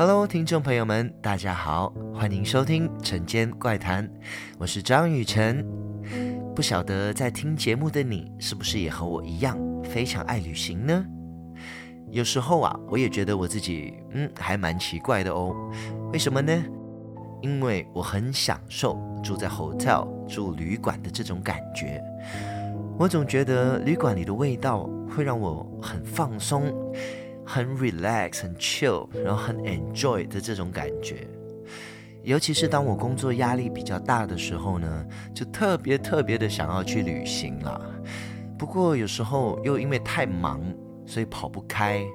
Hello，聽眾朋友們，大家好，歡迎收聽《辰間怪談》，我是張雨晨。不曉得在聽節目的你，是不是也和我一樣非常愛旅行呢？有時候啊，我也覺得我自己，嗯，還蠻奇怪的哦。為什麼呢？因為我很享受住在 hotel、住旅館的這種感覺。我總覺得旅館裡的味道會讓我很放鬆。很 relax，很 chill，然後很 enjoy 的這種感覺，尤其是當我工作壓力比較大的時候呢，就特別特別的想要去旅行啦。不過有時候又因為太忙，所以跑不開，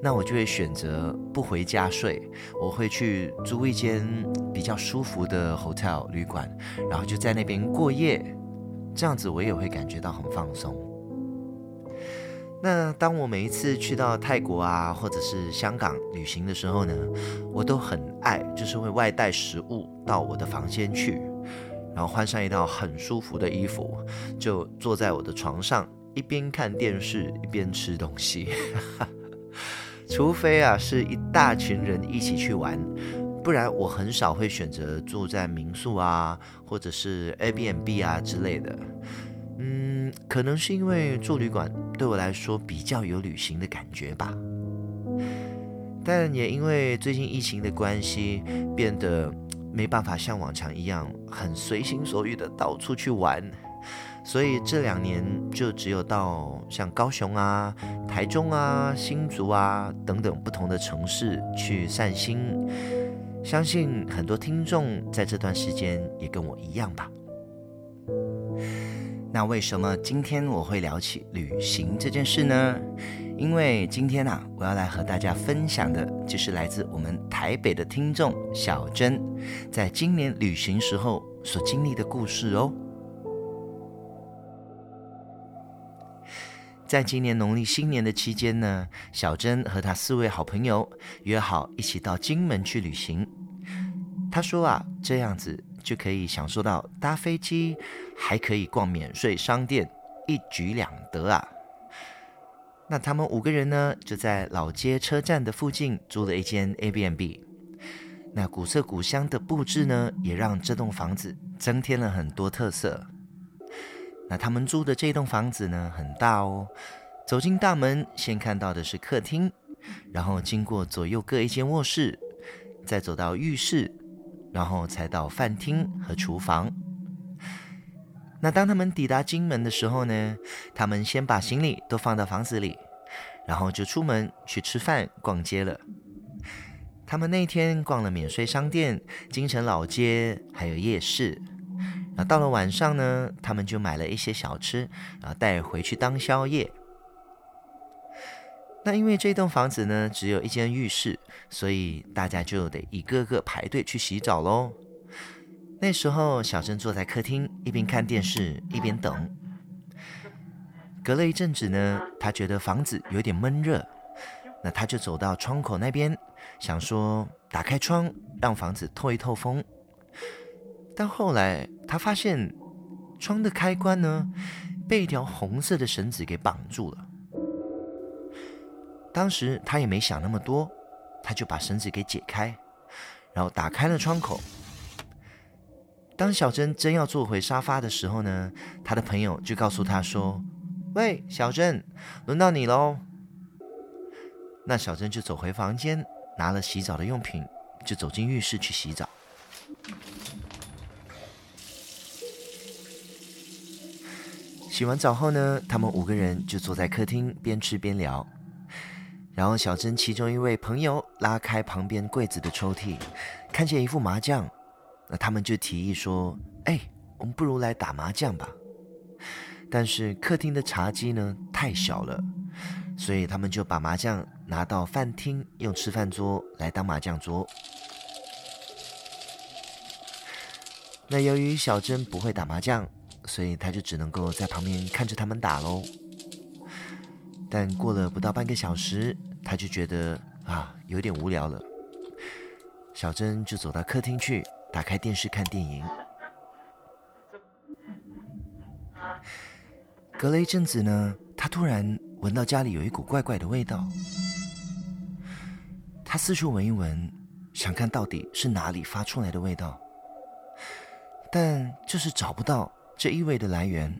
那我就會選擇不回家睡，我會去租一間比較舒服的 hotel 旅館，然後就在那邊過夜，這樣子我也會感覺到很放鬆。那當我每一次去到泰國啊，或者是香港旅行的時候呢，我都很愛，就是會外帶食物到我的房間去，然後換上一套很舒服的衣服，就坐在我的床上，一邊看電視一邊吃東西。 除非啊是一大群人一起去玩，不然我很少會選擇住在民宿啊，或者是 Airbnb 啊之類的。可能是因為住旅館對我來說比較有旅行的感覺吧，但也因為最近疫情的關係，變得沒辦法像往常一樣很隨心所欲的到處去玩，所以這兩年就只有到像高雄啊、台中啊、新竹啊等等不同的城市去散心。相信很多聽眾在這段時間也跟我一樣吧。那為什麼今天我會聊起旅行這件事呢？因為今天啊，我要來和大家分享的，就是來自我們台北的聽眾小珍，在今年旅行時候所經歷的故事哦。在今年農曆新年的期間呢，小珍和她四位好朋友約好一起到金門去旅行。她說啊，這樣子，就可以享受到搭飛機，還可以逛免稅商店，一舉兩得啊！那他們五個人呢，就在老街車站的附近租了一間 Airbnb。那古色古香的布置呢，也讓這棟房子增添了很多特色。那他們租的這棟房子呢，很大哦。走進大門，先看到的是客廳，然後經過左右各一間臥室，再走到浴室。然後才到飯廳和廚房。那當他們抵達金門的時候呢，他們先把行李都放到房子裡，然後就出門去吃飯、逛街了。他們那天逛了免稅商店、金城老街還有夜市。那到了晚上呢，他們就買了一些小吃，然後帶回去當宵夜。那因為這棟房子呢只有一間浴室，所以大家就得一個個排隊去洗澡嘍。那時候，小珍坐在客廳，一邊看電視一邊等。隔了一陣子呢，她覺得房子有點悶熱，那她就走到窗口那邊，想說打開窗，讓房子透一透風。但後來她發現，窗的開關呢被一條紅色的繩子給綁住了。當時他也沒想那麼多，他就把繩子給解開，然後打開了窗口。當小珍真要坐回沙發的時候呢，他的朋友就告訴他說：“喂，小珍，輪到你嘍。”那小珍就走回房間，拿了洗澡的用品，就走進浴室去洗澡。洗完澡後呢，他們五個人就坐在客廳邊吃邊聊。然後小珍其中一位朋友拉開旁邊櫃子的抽屜，看見一副麻將，那他們就提議說：“哎，我們不如來打麻將吧。”但是客廳的茶几呢太小了，所以他們就把麻將拿到飯廳，用吃飯桌來當麻將桌。那由於小珍不會打麻將，所以他就只能夠在旁邊看着他們打嘍。但過了不到半個小時，他就覺得啊有點無聊了。小珍就走到客廳去，打開電視看電影。隔了一陣子呢，他突然聞到家裡有一股怪怪的味道。他四處聞一聞，想看到底是哪裡發出來的味道，但就是找不到這異味的來源。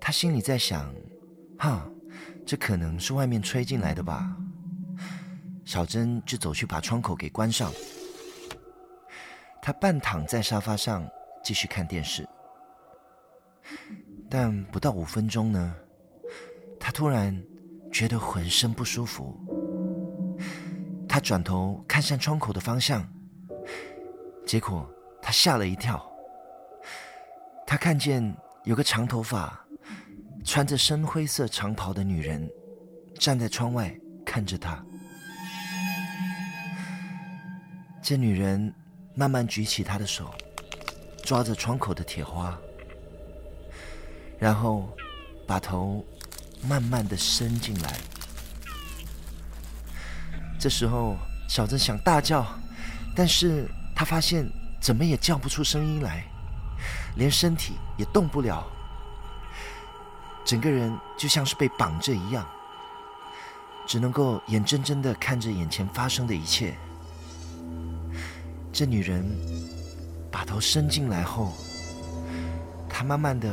他心裡在想。哈，這可能是外面吹進來的吧。小珍就走去把窗口給關上。她半躺在沙發上繼續看電視，但不到五分鐘呢，她突然覺得渾身不舒服。她轉頭看向窗口的方向，結果她嚇了一跳，她看見有個長頭髮。穿着深灰色長袍的女人站在窗外看着她。這女人慢慢舉起她的手，抓着窗口的鐵花，然後把頭慢慢的伸進來。這時候，小珍想大叫，但是她發現怎麼也叫不出聲音來，連身體也動不了。整個人就像是被綁着一樣，只能夠眼睜睜的看着眼前發生的一切。這女人把頭伸進來後，她慢慢的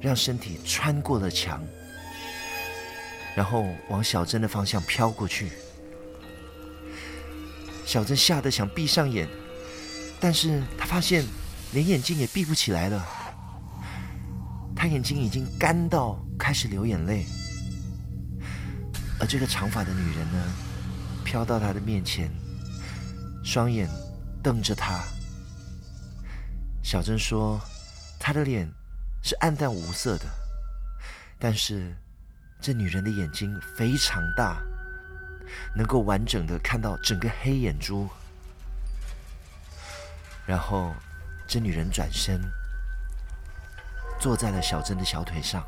讓身體穿過了牆，然後往小珍的方向飄過去。小珍嚇得想閉上眼，但是她發現連眼睛也閉不起來了。她眼睛已經乾到開始流眼淚，而這個長髮的女人呢，飄到他的面前，雙眼瞪着他。小鄭說，她的臉是暗淡無色的，但是這女人的眼睛非常大，能夠完整的看到整個黑眼珠。然後，這女人轉身。坐在了小珍的小腿上，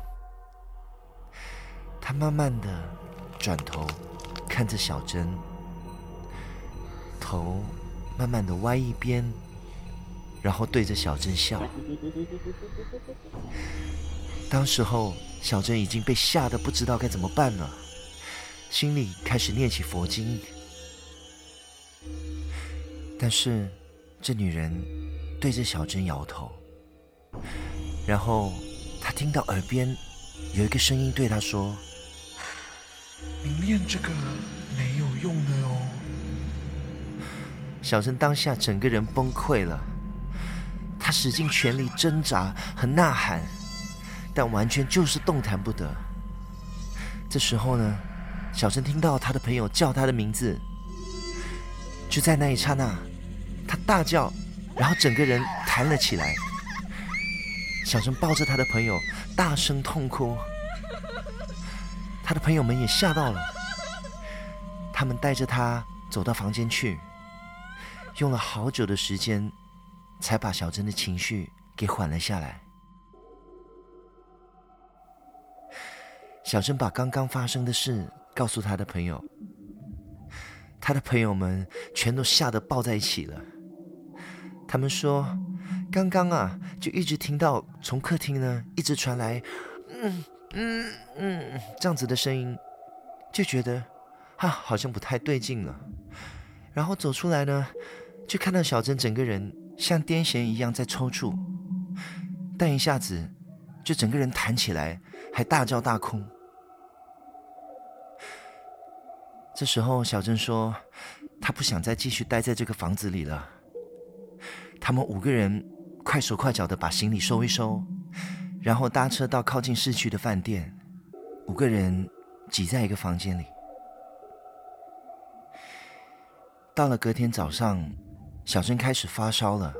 她慢慢的轉頭看着小珍，頭慢慢的歪一邊，然後對着小珍笑。當時候，小珍已經被嚇得不知道該怎麼辦了，心裡開始念起佛經，但是這女人對着小珍搖頭。然後他聽到耳邊有一個聲音對他說：“你念這個沒有用的哦。”小陳當下整個人崩潰了，他使盡全力掙扎和吶喊，但完全就是動彈不得。這時候呢，小陳聽到他的朋友叫他的名字，就在那一剎那，他大叫，然後整個人彈了起來。小珍抱着她的朋友，大聲痛哭。她的朋友們也嚇到了，他們帶着她走到房間去，用了好久的時間，才把小珍的情緒給緩了下來。小珍把剛剛發生的事告訴她的朋友，她的朋友們全都嚇得抱在一起了。他們說。剛剛啊，就一直聽到從客廳呢一直傳來，嗯嗯嗯這樣子的聲音，就覺得啊好像不太對勁了。然後走出來呢，就看到小珍整個人像癲癇一樣在抽搐，但一下子就整個人彈起來，還大叫大哭。這時候小珍說，她不想再繼續待在這個房子裡了。他們五個人。快手快腳的把行李收一收，然後搭車到靠近市區的飯店。五個人擠在一個房間裡。到了隔天早上，小珍開始發燒了，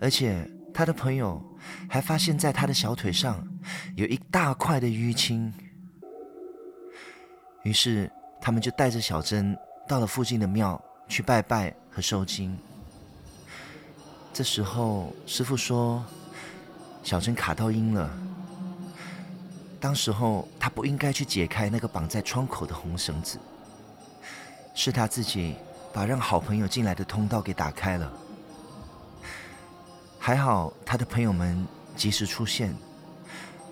而且她的朋友還發現在她的小腿上有一大塊的瘀青。於是他們就帶着小珍到了附近的廟去拜拜和收驚。這時候，師傅說：“小珍卡到陰了。當時候，他不應該去解開那個綁在窗口的紅繩子，是他自己把讓好朋友進來的通道給打開了。還好他的朋友們及時出現，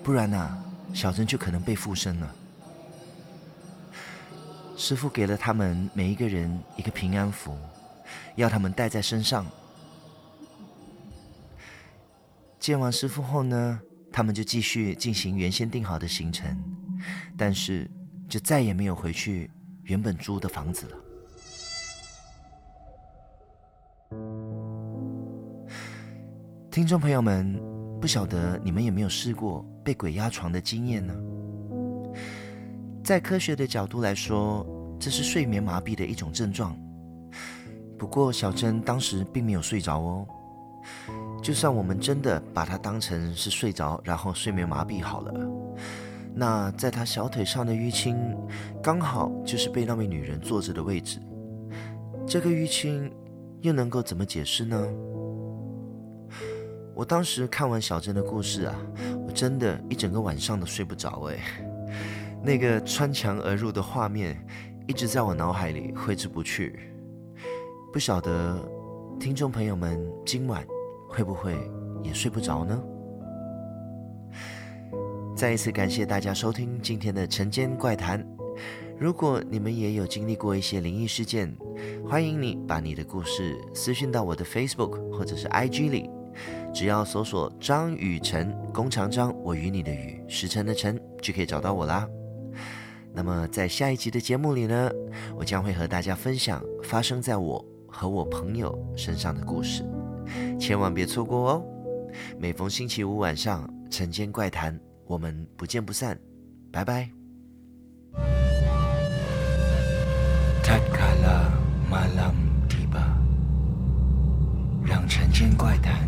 不然吶、啊，小珍就可能被附身了。師傅給了他們每一個人一個平安符，要他們帶在身上。”見完師傅後呢，他們就繼續進行原先定好的行程，但是就再也沒有回去原本租的房子了。聽眾朋友們，不曉得你們有沒有試過被鬼壓床的經驗呢？在科學的角度來說，這是睡眠麻痹的一種症狀。不過小珍當時並沒有睡着哦。就算我們真的把他當成是睡着，然後睡眠麻痹好了，那在他小腿上的淤青，剛好就是被那位女人坐着的位置，這個淤青又能夠怎麼解釋呢？我當時看完小珍的故事啊，我真的一整個晚上都睡不着哎，那個穿牆而入的畫面一直在我腦海裡揮之不去，不曉得聽眾朋友們今晚。會不會也睡不着呢？再一次感謝大家收聽今天的辰間怪談。如果你們也有經歷過一些靈異事件，歡迎你把你的故事私信到我的 Facebook 或者是 IG 裡，只要搜索“張雨辰”“弓長張”“我與你的雨”“時辰的辰”就可以找到我啦。那麼在下一集的節目裡呢，我將會和大家分享發生在我和我朋友身上的故事。千萬別錯過哦！每逢星期五晚上《晨間怪談》，我們不見不散，拜拜。讓《晨間怪談》